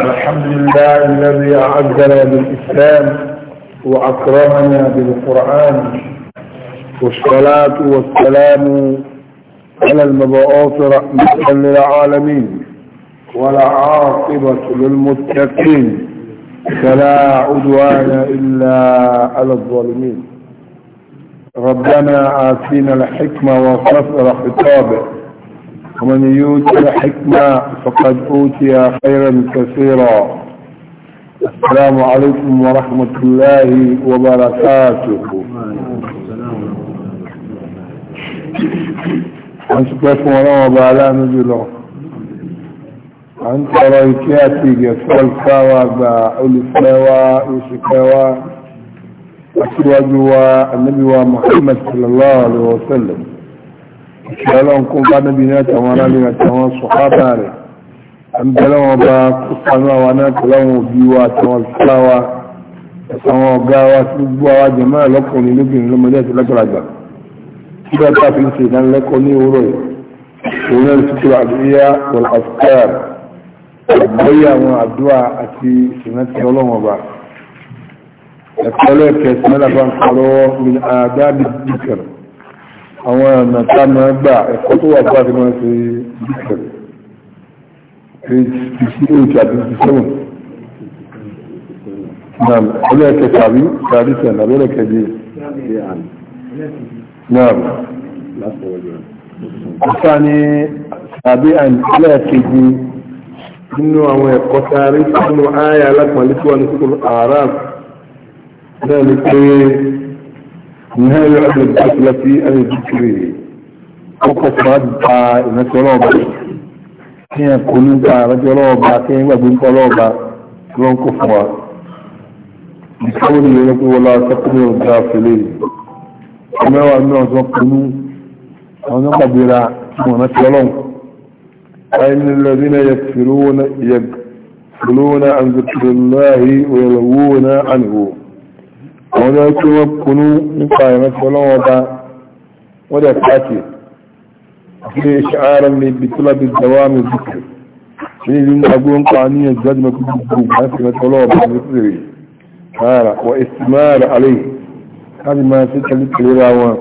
الحمد لله الذي أعزنا بالإسلام وأكرمنا بالقرآن والصلاة والسلام على المبعوث رحمة للعالمين ولا عاقبة للمتقين فلا عدوان إلا على الظالمين ربنا آتينا الحكمة وفصل خطابه ومن يوتي حكمة فقد أوتي خيرا كثيرا السلام عليكم ورحمة الله وبركاته أنسكتكم ورحمة وبعلا نجله أنت رأيكياتي يسأل سوا بأولي سوا يسكوا أسواجوا النبي ومحمد صلى الله عليه وسلم ìṣẹ́lọ́n kún bá níbi ní àtàwọn aráàlú àtàwọn sọ̀hábà rẹ̀ ń bẹ̀rẹ̀ wọn bá kó sanú àwọn náà tẹ̀láwọn òbí wa àtàwọn ìṣẹ́láwa àtàwọn ọ̀gá wa tí gbogbo àwọn jẹ̀mọ́ ẹ̀lọ́kùnrin lóbìnrin lọ́mọdé àti lọ́gbàlagbà tí wọ́n bá fi ń ṣe ìdánilẹ́kọ̀ọ́ ní òwúrọ̀ yìí òun náà ti tó àdúyá wọ̀l àfikàr àgbọ́yé àwọn àdúrà àti ìrántí ọlọ́wọ́n ọba ẹ̀kọ́ àwọn ọ̀nà tá máa gbà ẹ̀kọ́ tó wà bá ti máa ṣe bíkẹ̀rẹ̀ page fifty eight àti fifty seven naam ọlọ́ọ̀kẹ́ tàbí tàbí sẹ̀nà ọlọ́ọ̀kẹ́ bíi naam ọ̀sá ni tàbí ọlọ́ọ̀kẹ́ nínú àwọn ẹ̀kọ́ tààrí sínú ayé alápàlẹ́ tó wà ní kúrò àárá náà ni pé نهاية أهل البطلة في أهل وقف ربع إنسى لوبا كيان قلوبا رجل لوبا لون كفوا بقوله لك ولا تقنوا الغافلين كما هو أنه سوقنوا أنا قبرا ونسى لوبا الذين يكفرون يكفرون عن ذكر الله ويلوون عنه àwọn ọjọ́ tí wọ́n kunú nípa ìrántí ọlọ́wọ́ ọba wọ́n dẹ̀ pàtì àti ṣàárẹ̀ lè bí tó lábẹ́ ìjọba mi zikiri ní ìlú agbó ń pa ní ẹjọ́ ìjọba tó gbogbo láti ìrántí ọlọ́wọ́ ọba mi zikiri rárá wọ ìsìmáàrà alẹ́ láti máa ṣe tẹ̀lé tẹ̀lé ra wọn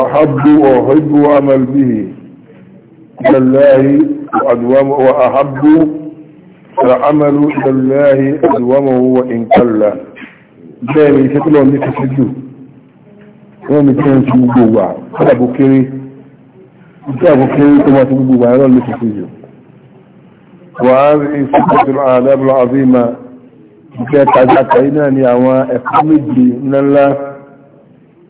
ọ̀hábù ọ̀hẹ́bù amẹ́lbíhì ìlàláyé ọ̀hàbù فعمل إلى الله أدومه وإن كلا بني ستلو من تسجد ومن كان سبقوا هذا بكري هذا بكري كما سبقوا هذا اللي تسجد وهذه سبقة الآداب العظيمة كانت عزاك هنا نعواء قمجي من الله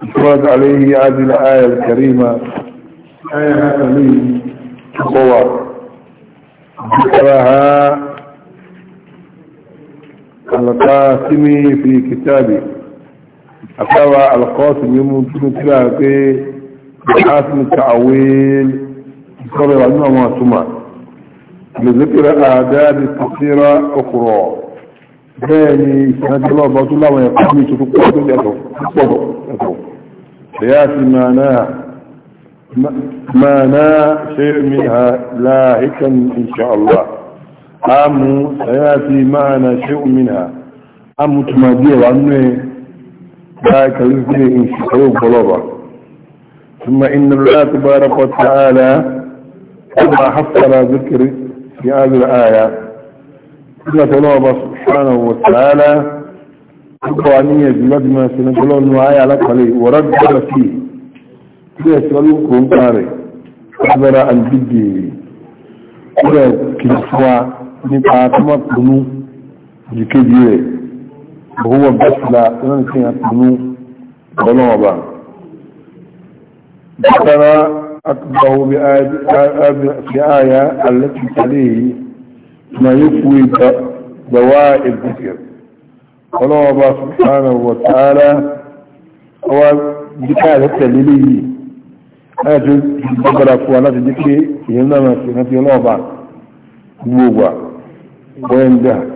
اتفرد عليه هذه الآية الكريمة آية هذا لي قوة ذكرها القاسم في كتابه أكوى القاسم يمكن كلاكي بحاسم التعويل يقرر عنه ما سمع لذكر أعداد كثيرة أخرى باني سنة الله بطل الله ويقومي تتقوط الأثر سياسي معناها معنى شيء منها لاهكا إن شاء الله عام سياتي معنا شيء منها أنا أقول wà أن ẹ̀ báyìí kàrí sí ìṣẹ̀lẹ̀ ògbọ́lọ́wà ثم إن الله تبارك وتعالى كما حصل ذكر في إن الله سبحانه وتعالى القوانية بمجمع سنقلون لك أن ورد فيه يسألوكم تاري أخبر عن جده كلا كنسوا نبعاتما قنو جكديه هو بسلا إمام كنا تنو بلوما بان بسنا أكبره بآية آية التي تليه ما يكوي دواء الذكر قالوا الله سبحانه وتعالى هو بكاء التليلي أجل بقرة فوالات ذكري يمنى في سيناتي الله بعد بوبا وين ده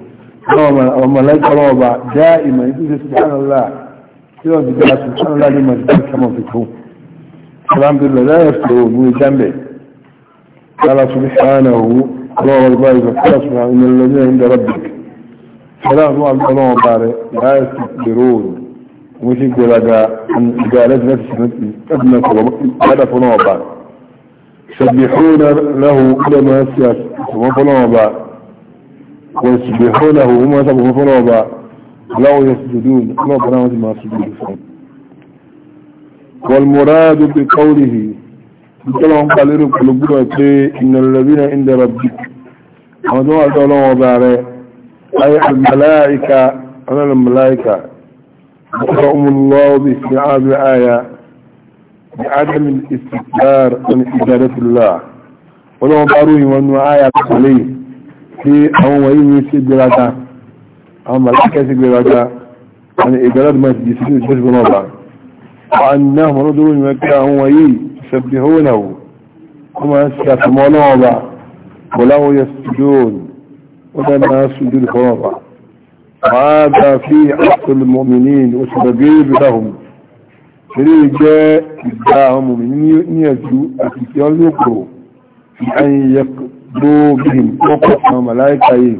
وملائكة روبا دائما يقول سبحان الله سوى بداية سبحان الله لما جدال كما فيكم الحمد لله لا يفترون ويجنبه قال سبحانه الله البارك قال سبحانه إن الذين عند ربك فلا أطوع الله بارك لا يستكبرون ومش يقول لك أن قالت نفسك ابنك هذا فلان بارك يسبحون له كل ما يسير وفلان بارك ويسبحونه وما يسبحون فنوبا لا يسجدون الله بناوز ما سجدون والمراد بقوله بطلهم قالوا قلوبنا إن الذين عند ربك هذا الله وضعه أي الملائكة أنا الملائكة أقرأهم الله باستيعاب الآية بعدم الاستكبار من عبادة الله ولو باروا وأنه آية عليه pé àwọn wọ̀nyí ní sí gbéraga àwọn màláìkẹ́ sí gbéraga àwọn ìgbéradùmọ̀ sí sí ìjọsìgbọ́n ọba wọ́n náà mọ̀rọ̀ dúró ní wẹ́pẹ́ àwọn wọ̀nyí ṣẹ̀bí hónàwó wọ́n máa ń ṣe àtìmọ́ náà ọba bọ̀láwó yẹ sùdóòn wọ́n náà máa ń sùdó ìfọ́n ọba هذا في أصل المؤمنين وسببين لهم شريك جاء إبداع المؤمنين يجو أكتيال يقروا أن يقروا دوبهم وقف ملائكة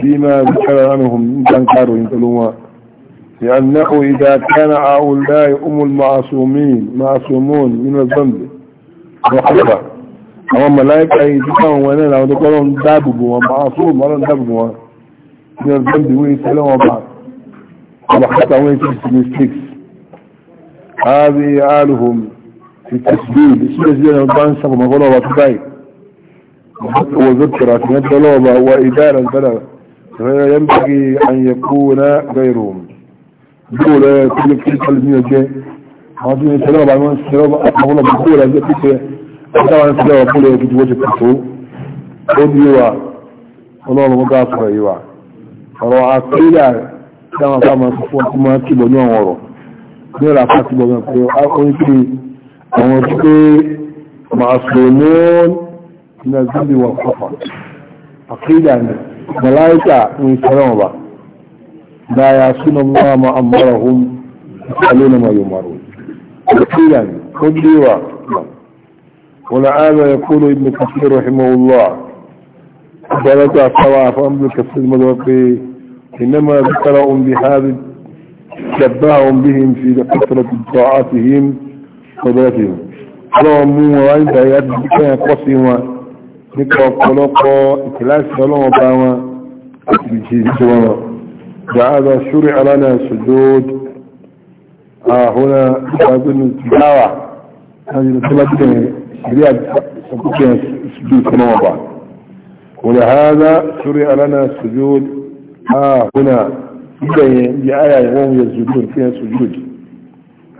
فيما ذكر عنهم من تنكروا إن تلوما لأنه إذا كان هؤلاء أم المعصومين معصومون من الذنب وحفا أما ملائكة يتكلم ونانا ودقلهم دابوا ومعصوم ولا دابوا من الذنب ويسألون بعض وحتى ويسألون مستيكس هذه آلهم في التسجيل السنة جديدة وضعين سبب مغلوبة تبايك وذكرت الطلبة وإدارة البلد ينبغي أن يكون غيرهم دولة كل في القلبية جاء هذه السلام على من السلام أقول بقولة جاء كيف طبعا السلام بقولة يجد وجه كتو قد يوا والله مقاصر يوا روعة قيلة كما كما سفوان كما تبا نوان ورو نيرا فاتبا نوان ورو أقول كي أقول كي معصومون من الذنب والخطأ أن ملائكة من سلام لا يعصون الله ما أمرهم يفعلون ما يؤمرون عقيدة قدروا ولعاذا يقول ابن كثير رحمه الله درجة سواء فأمر كثير مدوقي إنما ذكرهم بهذا شبههم بهم في كثرة طاعاتهم وقدرتهم قالوا مو وعند يد كان قصي nípa ọ̀pọ̀lọpọ̀ ìkìláṣì ọlọ́wọ́n bá wọn àti ìjìjì wọn bá a lọ ṣúrí aláàrẹ ṣùgbọ́dì àhúnà ìgbàgbínú tìgbàwà láti lọ sílábìdẹ̀ ìrí àpúkẹ́ ṣùgbọ́dì ọlọ́wọ́n bá ولهذا شرع لنا السجود ها هنا بآية يوم يسجدون فيها سجود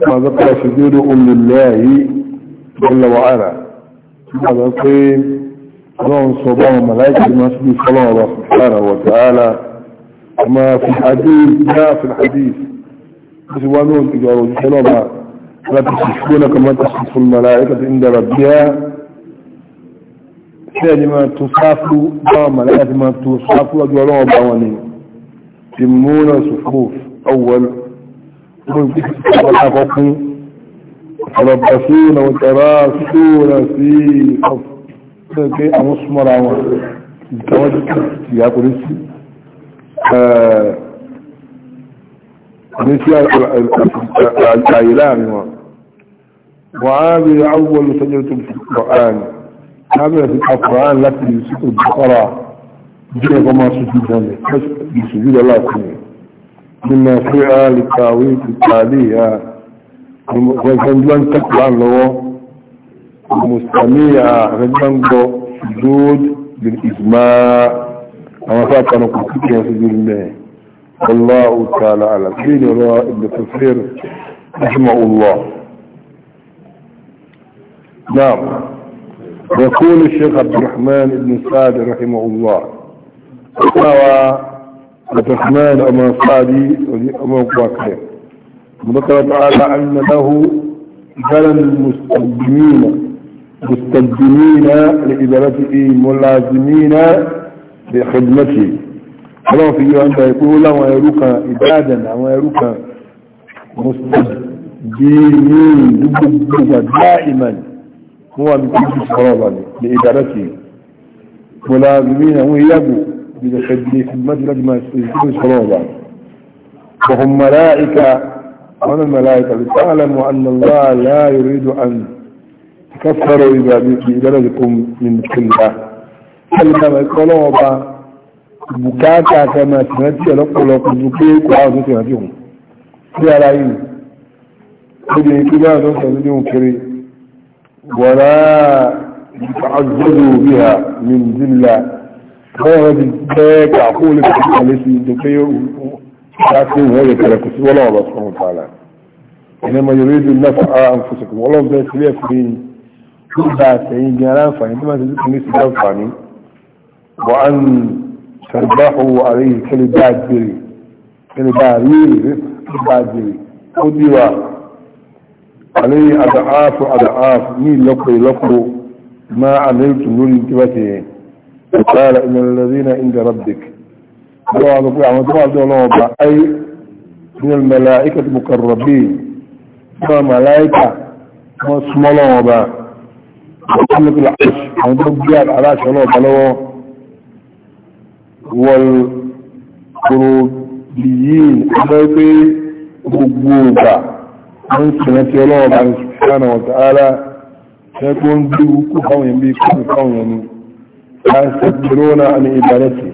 كما ذكر سجود أم لله جل وعلا كما ذكر اللهم صباح الملائكة ما سبيل صلى الله سبحانه وتعالى كما في الحديث جاء في الحديث سوانون تجاروا جسلوا لا تشفون كما تصف الملائكة عند ربها ثاني ما تصافوا با ملائكة ما تصافوا أجوالهم باوانين تمون صفوف أول ربصون وتراسون في خف tó àwọn súnmọ́ra wọn ìtawọ́jú tí a kò ní sí ní sí àyè wọn وهذه أول سجدة في القرآن هذا في القرآن التي يسجد البقرة جيب ما سجدها بسجود الله سنين مما فيها للتاويل التالية وفنجوان تقوى له مستميع رجبانجو سجود بالإجماع أما فاتنا كتبتنا سجود الله والله تعالى على سبيل الله ابن تفسير رحمه الله نعم يقول الشيخ عبد الرحمن بن سعد رحمه الله قال عبد الرحمن أما سعدي أما قواكي وذكر تعالى أن له جلل المستقدمين مستلزمين لإدارته ملازمين لخدمته الله في يوم يقول لهم ويروك إبادا أو يروك مستلزمين دبوبة دائما هو من كل صرابة لإدارته ملازمين هو يبو لخدمته لجمع صرابة وهم ملائكة وأنا الملائكة تعلم أن الله لا يريد أن kẹfẹ́rẹ́ ìgbà bí kí ìdọ́rọ̀ lè kó nínú kí nìyà ẹ̀lẹ́ta ẹ̀kọ́ lọ́wọ́ bá bùkátà kẹmà tìrántí ọlọ́pọ̀lọpọ̀ ju pé kò àwọn tó tìrántí òun sí ara yìí ó di ikú bá àwọn tó tìrántí òun kiri wọ̀rá àjọ́dù òbí ha ní nìdílà wọ́n yẹ kẹrẹ bẹ́ẹ̀ sílẹ̀ tó bá tẹ̀yìn jẹ́ aláǹfààní tó bá ti dúkùn ní sí láǹfààní wọ́n á ń tàbáhù àrí ìkẹ́lẹ̀ bá gbèrè kẹ́lẹ̀ bá rí èrè tó bá gbèrè ó díwà àrí àdáhàfù àdáhàfù ní ìlọ́pọ̀ ìlọ́pọ̀ máa àmẹ́rìkì lórí tí bá ti yẹn وقال إن الذين عند ربك الله يقول عن طبعا الله أي من الملائكة المقربين وملائكة واسم الله محمد العرش محمد جاء على الله بلوه والقروبيين حبيبي قبوبة من سنة الله بعد سبحانه وتعالى ينبيه بيوكو ينبيه بيكو ينبيه لا يستكبرون عن عبادته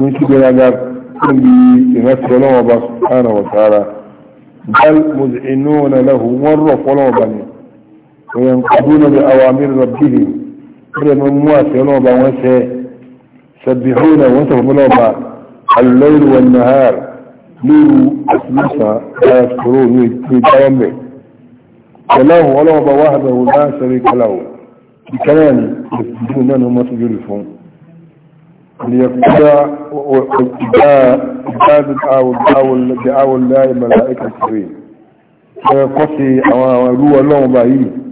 من شبه الأجاب كل بنسل الله سبحانه وتعالى بل مزعنون له مرة بنيه وينقضون لأوامر ربهم كل من مواسع نوبة وسع سبحون وسهم نوبة الليل والنهار ليل أسلسة لا يذكرون ويدعون به وله ونوبة وحده لا شريك له بكلام يسجدون أنهم ما تجرفون ليقضى عباد أو دعاء الله ملائكة الكريم ويقصي أو أولو اللهم بعيد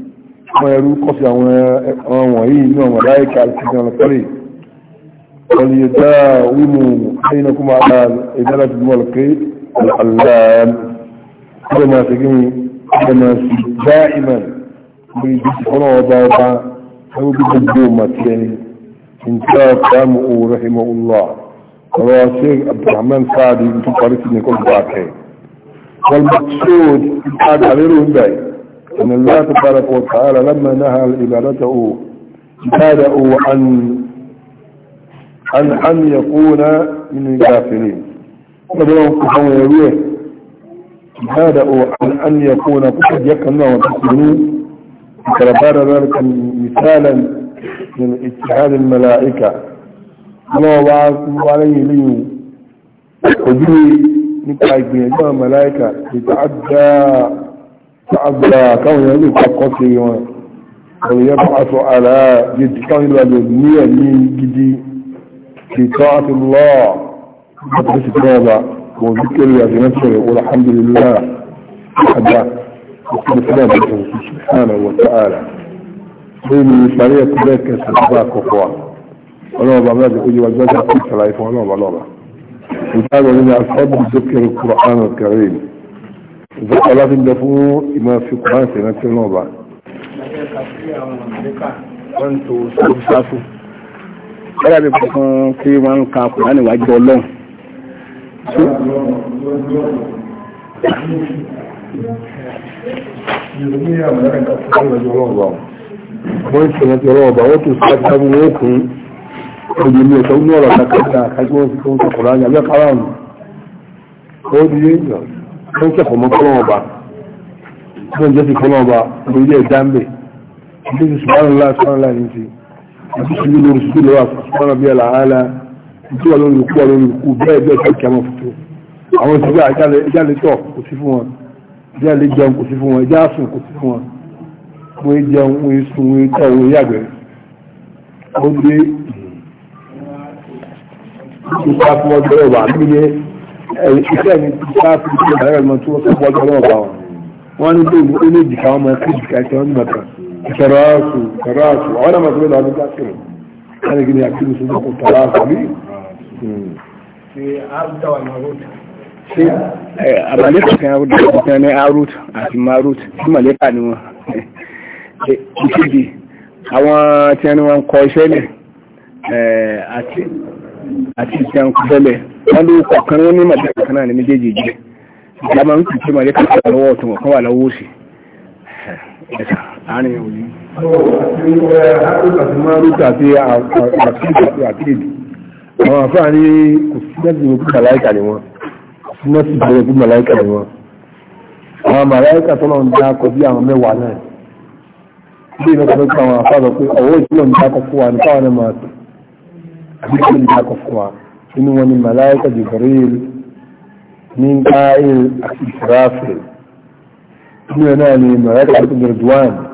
àwọn ẹrú kọfí àwọn wọ̀nyí inú àwọn aláìka àti ọlọ́pẹ́lẹ̀ ọlọ́yẹ̀dá wínú ayinakuma ìdára ti mọ́ lọ́pẹ́ aláàrán ọdọ́ máa fi gíní ọdọ́ máa fi já ìmọ̀ bí i bíi ọ̀nà ọba ọba ẹwọ́ bí gbogbo màtí ẹni ìjọ kàmù òwúrọ̀ ìmọ̀ ọlọ́ ọ̀rọ̀ ṣe abdulrahman sáàdì tó parí sí ní kọlùbọ̀ akẹ́ wọ́n mọ̀ tí ó ti ká أن الله تبارك وتعالى لما نهى عبادته بدأوا عن عن أن يكون من الكافرين وبدأوا كفوا يبيه بدأوا عن أن يكون قد يكنا وتسلمين فبار ذلك مثالا من اتحاد الملائكة الله وعظم عليه لي وجوه نبقى يجب ملائكة يتعدى تعبدها كون يجب تقصي ويبعث على جد كون يجب نية من جد في طاعة الله أدرس كذا وذكر يا جنسر يقول الحمد لله حدا سبحانه وتعالى سيد المسارية تبكى سبباك وقوة ولو ما ماذا أجي والبدا كل سلايف ولو ما لولا وقالوا لنا أصحاب ذكر القرآن الكريم ìjọba láti ń bẹ fún ìmọ̀ fi kùrán sí ìrántí náà bá. Bọ́lá mi kọ̀ kan kí wọ́n ń ka kùrán níwájú ọlọ́run. Wọ́n ti rántí ọlọ́run bá wọ́n tún sí àti sábú wọ́n kún òye mi ọ̀sán ní ọ̀rọ̀ kàkàtà àkájú wọn fi kún ní abẹ́kárà ọ̀nà. Ó di yé ìjọba wọ́n kẹ́kọ̀ọ́ mọ́ kọ́lọ́wọ́ ọba wọ́n jẹ́ sí kọ́lọ́wọ́ ọba ọmọ ilé ẹ̀dá ń bẹ̀ ilé ti sùpárọ̀ ńlá sùpárọ̀ ńlá yìí ti àti sùn lórí sùn lọ́wọ́ sùpárọ̀ bí ẹ̀là ààlà ìtú wà lórí ikú wà lórí ikú bẹ́ẹ̀ bẹ́ẹ̀ tó kí a mọ̀ fòtó àwọn ìṣẹ́gbẹ́ ìjálẹ̀ tọ̀ kò sí fún wọn ìjálẹ̀ jẹun kò sí fún wọn ìjá sùn kò sí fún wọn wọ́n jẹun wọ́n sùn wọ́n tọ̀ wọ́n yàgbẹ́ iṣẹ́ mi ti ká fi ṣe ìdára ìmọ̀ tí wọ́n tó bọ́ ọjọ́ ọba wọn wọ́n ní bí ó ní ìdìkà ọmọ ẹ̀kọ́ ìdìkà ìṣẹ́ wọn nígbàtà ìṣẹ̀rọ̀ọ̀sù ìṣẹ̀rọ̀ọ̀sù àwọn náà máa lọ nígbà tí wọn láti gbé ní àkíní sí ọkọ̀ tọ́lá àbí. ṣé àbálẹ́kà kan ní arut àti ìsìn àkúbẹ́lẹ̀ wọ́n ló kọ̀ọ̀kan wọn ní màdíkà kan náà ní méjèèjì jẹ́ ìgbà máa ń kì í pé màdíkà kan wà lọ́wọ́ ọ̀tún ọ̀kan wà lọ́wọ́ òsì ẹ̀sà àárín òní. àwọn àfáà ní kò sí mẹ́sì ní kúkà láìka ni wọn kò sí mẹ́sì ní kúkà láìka ni wọn àwọn màláìka tó lọ ń dá kọjú àwọn mẹ́wàá náà bí ìlú àwọn àfáà sọ pé ọwọ́ ìtúlọ̀ ń dá kọkọ wà ní káwọn náà máa abin da aka fuwa in wani mala'ika jibril min ƙa'il a israfil inu yana ne mala'ika da garduwan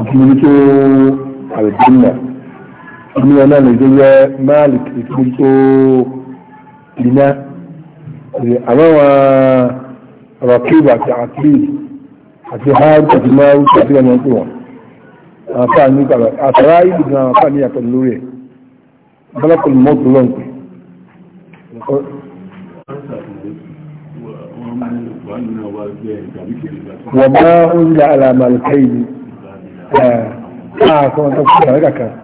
a kirkiro aljanna inu yana ne zai malik da kirkiro ina a mawa rakiba ta akili àti hajj àti mawu àti ẹ̀nà ìpínwọ̀n àfáà ní kàrà àtàrà ìdìgbà àfáà ní àtàlórí ẹ̀ ملك الموت لونك وما أنزل على ملكين آه آه كما تقول لك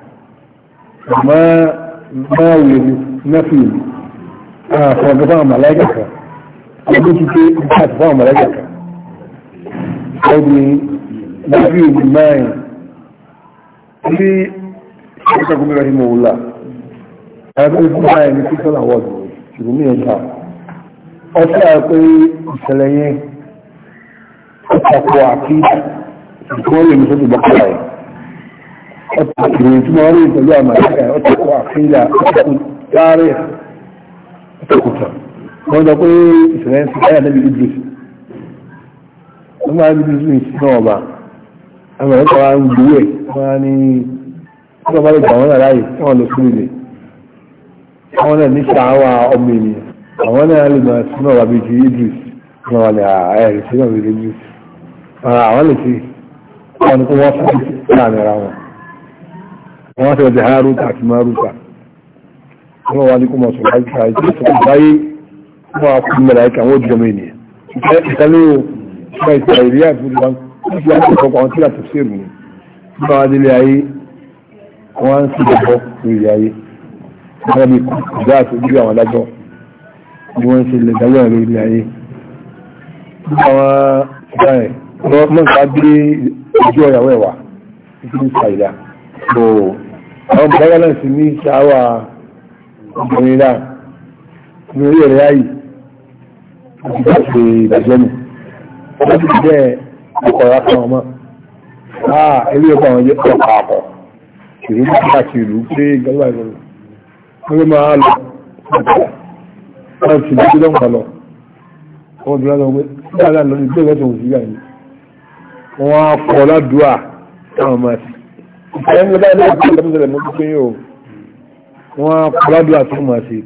ما ما نفي آه كما تقول ملائكة أقول لك أنت تقول ملائكة قولي نفي الماء اللي شكرا كم رحمه الله ẹgbẹ́ ikú báyìí ní pípọ́n àwọ̀dù ṣùgbọ́n ní ẹ̀dá ọtí àpé ìṣẹ̀lẹ̀ yẹn ọ̀pọ̀ àti ìkọ́ lè ní sọ́tù bọ́kọ́lá yẹn ọ̀pọ̀ ìròyìn tí wọ́n rí pẹ̀lú àmàlẹ́kà ọ̀pọ̀ àfihà ọ̀pọ̀ yáre ọ̀pọ̀kùtà wọ́n jọ pé ìṣẹ̀lẹ̀ ń sọ́yà níbi Idris wọ́n máa ń bí Idris náà ọba àmàlẹ́kà wa ń gbúwẹ̀ wọ́n á ní ọ̀pọ̀ bá lè gbà wọ́n láyé wọ́n lọ sí ilé àwọn náà ní ṣàáwà ọmọ ènìyàn àwọn náà lè máa sínú ọ̀rọ̀ àbí ti Idris ní wọn lè ààrẹ sínú ọ̀rọ̀ Idris àwọn lè ti wọn ni kó wọ́n fún láàrin ara wọn wọ́n fẹ́ jẹ́ haruta àti maruta wọ́n wá ní kó mọ̀ sọ̀rọ̀ àìkà ìjọ sọ̀rọ̀ báyé wọ́n á kú mẹ́ra àìkà wọ́n jọmọ ènìyàn ìkẹ́lẹ́ o ṣe ìtàn ìrí àìfúnni wọn wọ́n fi àti ìkọ̀kọ̀ àwọn tí àti sí èrò ni wọ́n wá délé ayé wọ́n ń sí ìdọ̀kọ̀ lórí ayé àwọn bí ìdá àti ojú àwọn adájọ́ ni wọ́n ṣe lè dájọ́ ìlú ilé ayé àwọn ìdá ẹ̀ mọ́ta dé ojú ọ̀yàwó ẹ̀wà títí ní sàìdá bò àwọn bàbá náà sì ní ṣàwà obìnrin náà ní orí ẹ̀rẹ́ ayì àti bá ṣe ìdájọ́ nù wọ́n ti jẹ́ ọkọ̀ ra ah, kan wọ́n máa lọ wọ́n ti bí lọ́n kan wọ́n bí lọ́n wọ́n lọ ìgbé ìwọ́n tó ń síyà yìí wọ́n á kọ́ ládùúà táwọn máa sí ìfẹ́ ń gbọ́dá lọ́wọ́ tó lọ́mú tẹ̀lé mú pípé wọ́n á kọ́ ládùúà tó máa sí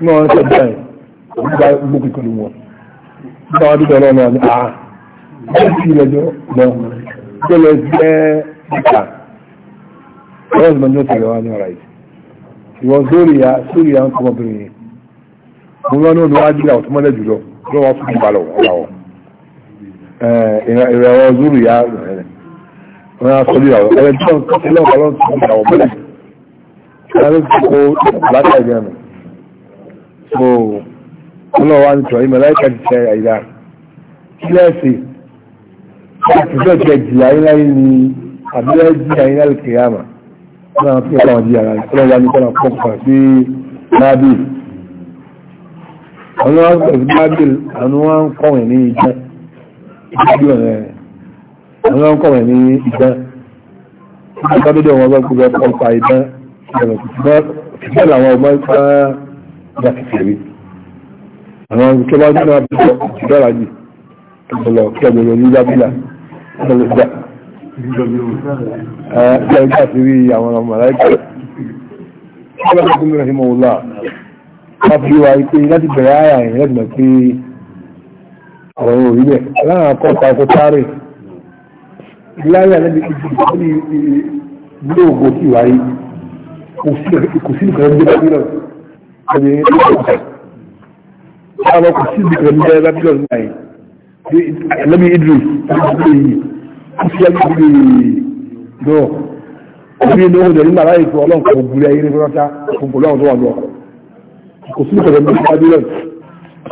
ní wọ́n tẹ̀ bí wọ́n bá gbókè pẹ̀lú wọn nígbà wọn dúdú ọlọ́run ní àá wọ́n ti lẹ́jọ́ lọ gbọ́dọ̀ jẹ́ ìta wọ́n sì máa ní ọ̀rá yìí ìwọ zóríyà zóríyà ń tọmọ obìnrin yìí mo lọ ní olùwájú àwọn tó mọ́lẹ̀ jùlọ lọ́wọ́ fún ìbálọ̀ ọ̀làwọ̀ ìrẹ̀wọ̀ zóríyà wọn á sọ líra ọ̀rẹ́ tí wọ́n kọ́ sílẹ̀ ọ̀pọ̀ lọ́nà tó ń gbà ọ̀bẹ̀lẹ̀ láti kó látà ìgbà àyíká kí lẹ́sì láti náà tí ọlọ́wọ́ di ara ìfọ́lọ́wọ́ ní kọ́nà pọ́pọ̀ sí bábìl àwọn ọ̀pọ̀ sí bábìl àwọn wọn kọ̀wẹ̀ ní ìjẹ́ àwọn kọ̀wẹ̀ ní ìjẹ́ ìgbàdọ́dọ̀ wọn bá gbogbo ọ̀pọ̀ ìdán ìgbẹ́ làwọn ọmọ ìpá ìgbà kìkìrì àwọn ìkẹ́bájú náà bí ọ̀pọ̀ ìdọ́rajì ọ̀pọ̀lọ̀ kí ọ̀gbẹ̀rẹ̀ ní bábìlà ọ̀pọ̀lọ̀ ẹ̀ ẹ̀ láti rí àwọn ọmọ aláìkà ọlọ́pàá tó mẹ́rẹ̀ sí mọ́wọ́lá wọ́n fi wá pé láti bẹ̀rẹ̀ ara ẹ̀ láti mọ̀ pé ọ̀rọ̀ orí rẹ̀ láàrín akọ́ta ọkọ̀ tárè láyà lẹ́bi ìdílé gbóògbó sí wáyé kò sí nìkan ní bábílọ̀ ẹni ìpàdé àwọn kò sí nìkan ní bábílọ̀ náà Idris láti yìí kúfíà gbogbo lọ ọdún ní oúnjẹ nígbà láyé tó ọlọ́nkọ̀ ògbúlẹ̀ ayé ní fọ́nátá gbogbo lọ́wọ́ tó wà lọ kò sí ìṣẹ̀lẹ̀ ní babylon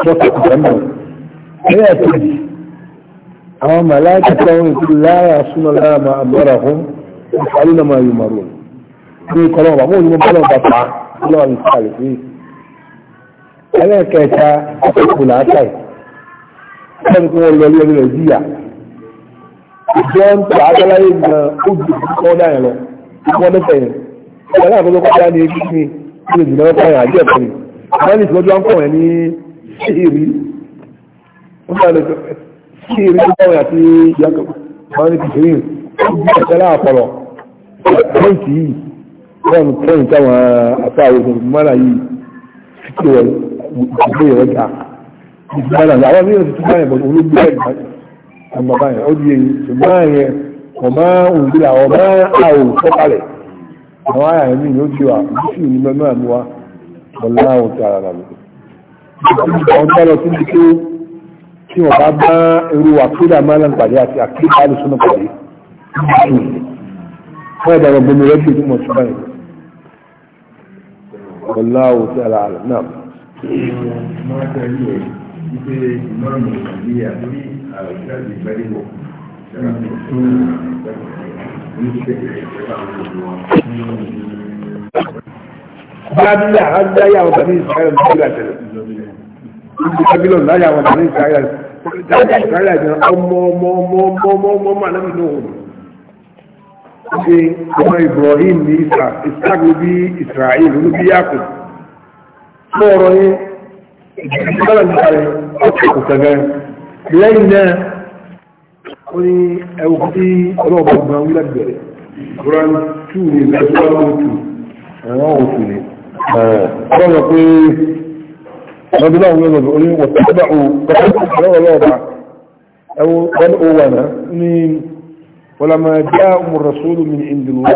sọ́tà ìjọmọ̀ ẹ̀yà kejì àwọn màláìkà táwọn ìpínlẹ̀ láyà súnmọ́ láyà máa bọ́ra fún ìfàlú náà máa yọ màrú ní kọ́lọ́ bàbá òní bọ́lá ọba pa lọ́wọ́ ní sàlẹ̀ sí ẹ̀yà kẹta àtẹ̀kù làákàì ìjọ ń tà ádáláyé na ojú ọ̀dá ẹ̀rọ ìwọ́n lẹ́fẹ̀ẹ́ yẹn ìyàrá àkókò kọjá ní ebi ní ilé ìjìnlẹ̀ ọkọ̀ yẹn àjẹ́ ẹ̀kọ́ ni wọ́n ní ìtọ́jú ọkọ̀ yẹn ní ṣíìrí wọ́n bá lè ṣíìrí tó kọ́ yẹn àti ìyàkọ̀ wọ́n ní kìkìrì ojú ìṣẹ̀lẹ̀ àpọ̀lọ̀ pọ́ǹtì yìí wọ́n pọ́ǹtì táwọn àtàwọn ìmọ̀lá yìí fíkì rẹ̀ ìgbé rẹ̀ gà ìgbé rẹ̀ gà àwọn mí ọmọ báyìí ó di èyí ṣùgbọ́n àyẹn ọmọ òǹdílà ọmọ àwò sọ́kalẹ̀ àwọn àyà ẹ̀mí ni ó ti wà ní sí ìlú mẹ́mọ́ àmì wa ọ̀la òtí ara rà mí. àwọn tó lọ síbi tó tí wọ́n bá bá irú àkídà máa ń pàdé àti àkídà alùsùnà pàdé wọ́n ìdàgbà gbomi rẹ̀ kìí túmọ̀ sí báyìí. ọ̀la òtí ara rà náà. Bábílá adáyà àwọn bàbí Ìsìláyà bíbílá tẹ̀lẹ̀. Bábílá láyà àwọn bàbí Ìsìláyà tẹ̀lẹ̀. Ìsìláyà jẹ́ ọmọ ọmọ ọmọ ọmọ ọmọ ọmọ ọmọ àlẹ́ ìlú òun. Ṣé ọmọ Ibrahim ní Ìsìláyà bí Ìsìláyà ló bí yàkù. Fọ́ọ̀rọ̀ yẹn, ìgbàlá nípa rẹ̀, ó ti kò sẹ́gẹ́rẹ́. lẹ́yìn náà ó ní ẹwù tí ọlọ́ọ̀bà gba ń lẹ́gbẹ̀rẹ̀ grand two ní lẹ́gbẹ̀rẹ̀ otu ẹ̀rọ otu ni ọlọ́ọ̀bà pé ọdún náà wọ́n lọ́dún oní wọ̀tọ́gbà ò kọ́kọ́ ọlọ́ọ̀bà ẹwù ọdún ó wà náà ní wọlọ́mà já mu rasúlù mi ní indilúwà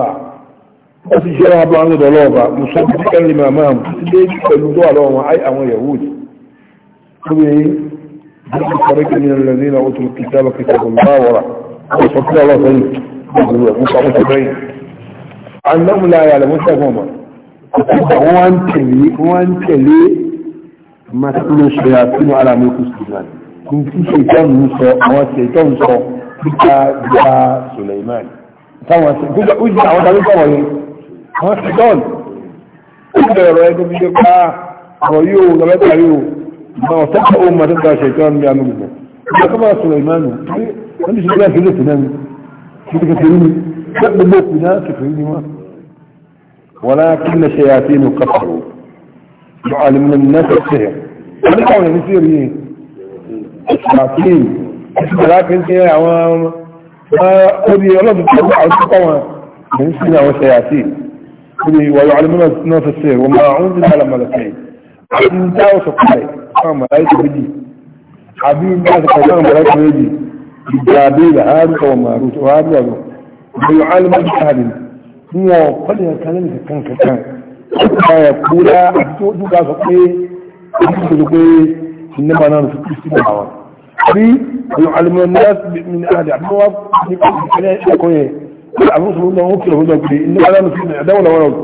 wọ́n ti jẹ́ ọba àwọn ọlọ́ọ̀bà musamman kẹ́lì màmáàmù ti dé pẹ̀lú dọ́ọ̀lọ́wọ́n àwọn yahudi من فريق من الذين أوتوا الكتاب كتاب الله وراء وصفنا الله صلى الله أنهم لا يعلمون شافهم هو أنت لي هو أنت لي ما تكون الشياطين على ملك سليمان كنت شيطان موسى أو شيطان موسى بك جاء سليمان سوى كل أجمع وتعالى سوى هو شيطان كل رأيكم بيجوا كا رأيو لما تعيو ما تبقى شيطان سليمان تنام ولكن شياطين كفروا يعلمون الناس السحر ونقعوا نسير يعني ايه شياطين ولكن يا عوام ما قولي الله تتبع من نسينا وشياطين قولي ويعلمون الناس السحر وما عونزل على ملكين عندها وسطحين kan malaika méjì àbí bá ti kọ̀ kan malaika méjì ìgbàbíra àárúkọ wa maru tó wá bíyà lọ bayu alimar kari ni wọn kwallo ya kan lẹ́nu kankan kankan ba ya kura a ti tó duka sọ pé a ti sọ pé sinna ma náà su kristi ba wa àbí bayu alimar na min adi àbí wọn ni kọlẹ ẹ̀kọ́ yẹ kọlẹ àbí sọ wọn kí lọ wọn kiri inda ma náà su kristi dáwọn wọn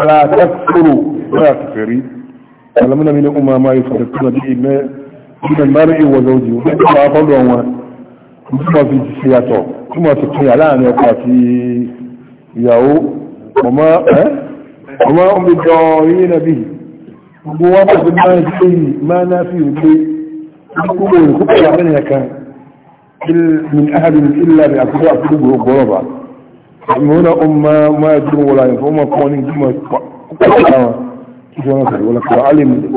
ala ta kúrò wọn ta fẹrí alamuna mi ni umma ma yi fara kuma bi ime ina mari iwa zauji wani kuma afọlọ wọn kuma fi jisi yàtọ̀ kuma fi tun yàrá ni ọkọ àti ìyàwó ọmọ ẹ ọmọ omi gan yìí na bi gbogbo wa bá fi máa ṣe yìí máa ná fi rú pé kúkúrò ìkúkú yàrá ni ẹ̀ka من أهل إلا بأكبر أكبر غربا يسمون أمة ما يدرون ولا ينفعون قوانين كما جوانسر ولكن علم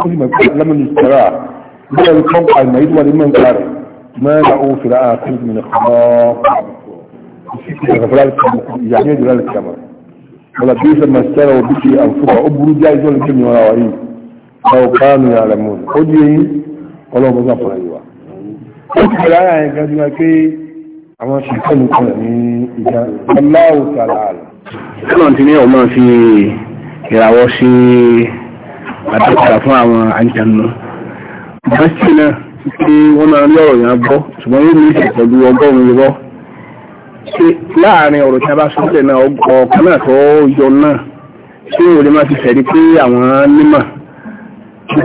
لمن اشتراه من القطع المعيد ولمن قال ما لقوا في الآخر من الخلاق يعني جلال الكامل ولا بيس ما اشتروا به أنفسهم أبرو جائز ولا كم يراوي لو كانوا يعلمون خذي ولو مضاف أيوة الآية قد يكي أما شيطان يعني الله تعالى أعلم. كلهم تنيا وما في يراوشي àtàkùrà fún àwọn àjànà bẹ́sì náà pé wọ́n máa rí ọ̀rọ̀ yẹn gbọ́ ṣùgbọ́n yóò ní ìṣẹ̀ pẹ̀lú ọgọ́rùn-ún irọ́ ṣe láàrin ọ̀rọ̀ tí a bá sọ́lẹ̀ náà ọ̀kan náà tó yọ náà ṣé òde máa ti fẹ̀rí pé àwọn nímọ̀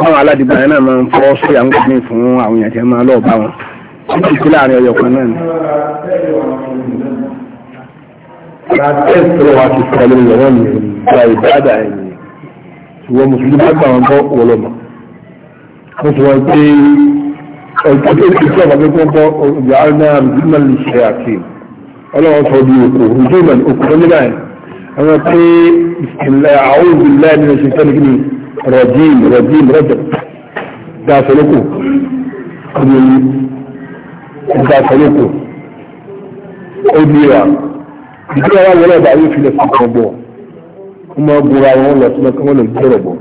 àwọn aládìgbà yẹn náà máa ń fọ́ sí àwọn gbàmí fún àwọn èèyàn tí wọ́n máa lọ́ọ̀ bá wọn títí láàrin ọyọ kan náà ni. Ra tẹ́sí lọ́wọ́ àti sọ́lẹ̀ ìyọ̀wọ́ mi gba ìbádà ẹ̀yìn. ìwọ mùsùlùmí bá gbà wọn bọ́ wọlọ́mà wọ́n sọ wọn pé ọ̀pọ̀ tó ti sọ̀rọ̀ pé kó bọ́ ọ̀gbà àná àmìlímà lè ṣe àti ọlọ́wọ́ sọ di òkú rùdúmà òkú tó nígbà yẹn àwọn pé ìsìnlẹ̀ àwọn ìbílẹ̀ nínú ṣe tẹ́lẹ̀ kí ni rọ̀dín rọ̀dín rọ̀dẹ̀ dáṣọ lóko ọdún dáṣọ lóko ó di wa ìdílé wa wọlé ọba àwọn ìfilẹ̀ fún ọgbọ̀n kuma gura wọn lọ sí suna lè gbọ́rọ̀ bọ̀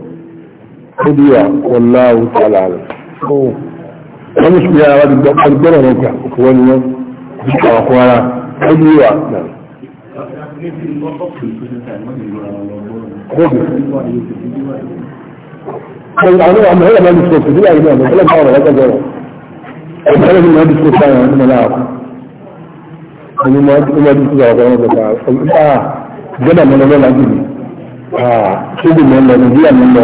ó bí wà ọ̀la òkè aláàrẹ̀ wọ́n ní ṣùgbọ́n àwọn agbẹ́rọ̀ wọn gbà òkè wọn ni wani awon agbero won gba oke kan ara ó bí wà náà. Àwọn ọmọ ẹ̀rọ máa ń sọ òkè nílẹ̀ ìlú ọ̀nà ẹ̀rọ máa ń sọ òkè ṣébì mọ́ lọ nàìjíríà mọ́ lọ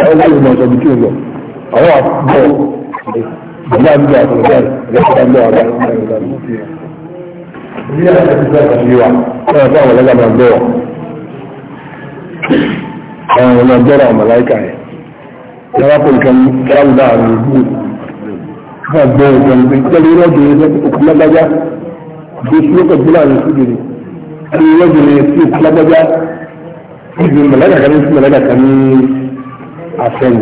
àwọn láti mọ̀ sọ bìtì lọ àwọn àbọ̀ ìgbà àbúgbà àtọ̀gbà ìrẹsìlá ń lọ àwọn àwọn ọlọ́gbọ́rọ̀ màláìkà ẹ̀ lárápọ̀ nǹkan ráúdà àrùn ìgbò gbàgbọ́ ìgbà pẹ̀lú ìrọ́jù ìrọ́jù òkú lágbájá ibi mẹlẹ́gà kan ní mẹlẹ́gà kan ní àfẹ́yìn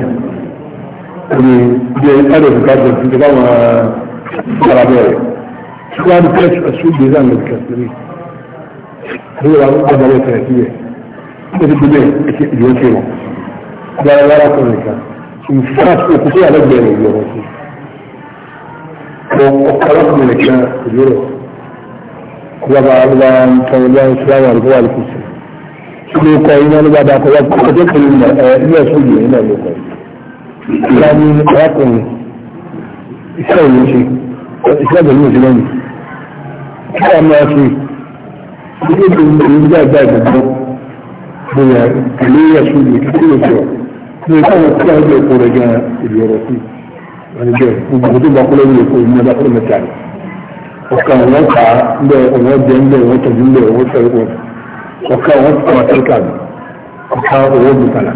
omi bí ẹni pàdé òkúta tó ti dẹ́gbà wọn sára bẹ́ẹ̀ ṣíwájú kẹ́ẹ̀tì ọ̀ṣun ìgbésà ní kẹsìrì ní ìwà ọjà ní ìfẹ̀rẹ̀ síbẹ̀ ó ti gbélé ẹ̀kẹ́ ìlú ó kéwọ̀ gbára lára kan nìkan ìfẹ́ òkúta yà lẹ́gbẹ̀ẹ́ rẹ̀ ìlú ọ̀rọ̀ sí ọ̀pọ̀lọpọ̀ nìkan ìlú rẹ̀ kúrò bá a lọ́wọ́ àwọn ìtàn ìlú àwọn ìṣúra wà lọ́wọ́ àlùkùsùn ilé ẹ̀kọ́ iná ló bá da kọ́ wọ́n kọ́ tó kiri ilé ẹ̀kọ́ yìí iná ló kọ́ ìyá ní ọkùnrin iṣẹ́ ìlú ṣe iṣẹ́ ìbẹ̀rù òṣèlú ẹ̀yìn kí wọ́n máa fi ilé ìlú ìlú ìlú àgbà ìgbàgbọ́ bóyá ìlú ẹ̀kọ́ yìí kí ló ṣe ní ìkọ́ kí wọ́n jẹ́ ẹ̀kọ́ rẹ̀ gan ìlú ọ̀rọ̀ sí ọ̀kan wọn kà á ń bẹ́ẹ̀ ọ̀wọ́ jẹ́ ń bẹ́ẹ̀ wọ́n tọ́jú ọ̀ká wọn ti tọ́wọ́ tẹ́lẹ̀kà mi ọ̀ká owó mi kàlà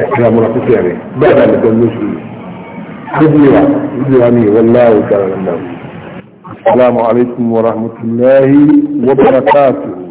ẹ̀ka mọ́ra kó sí ẹ̀rẹ́ bẹ́ẹ̀ bá nìkan ló ṣe níbi wa níbi wa ni wallahu ta'ala alam. Assalamu alaikum wa rahmatullahi wa barakatuh.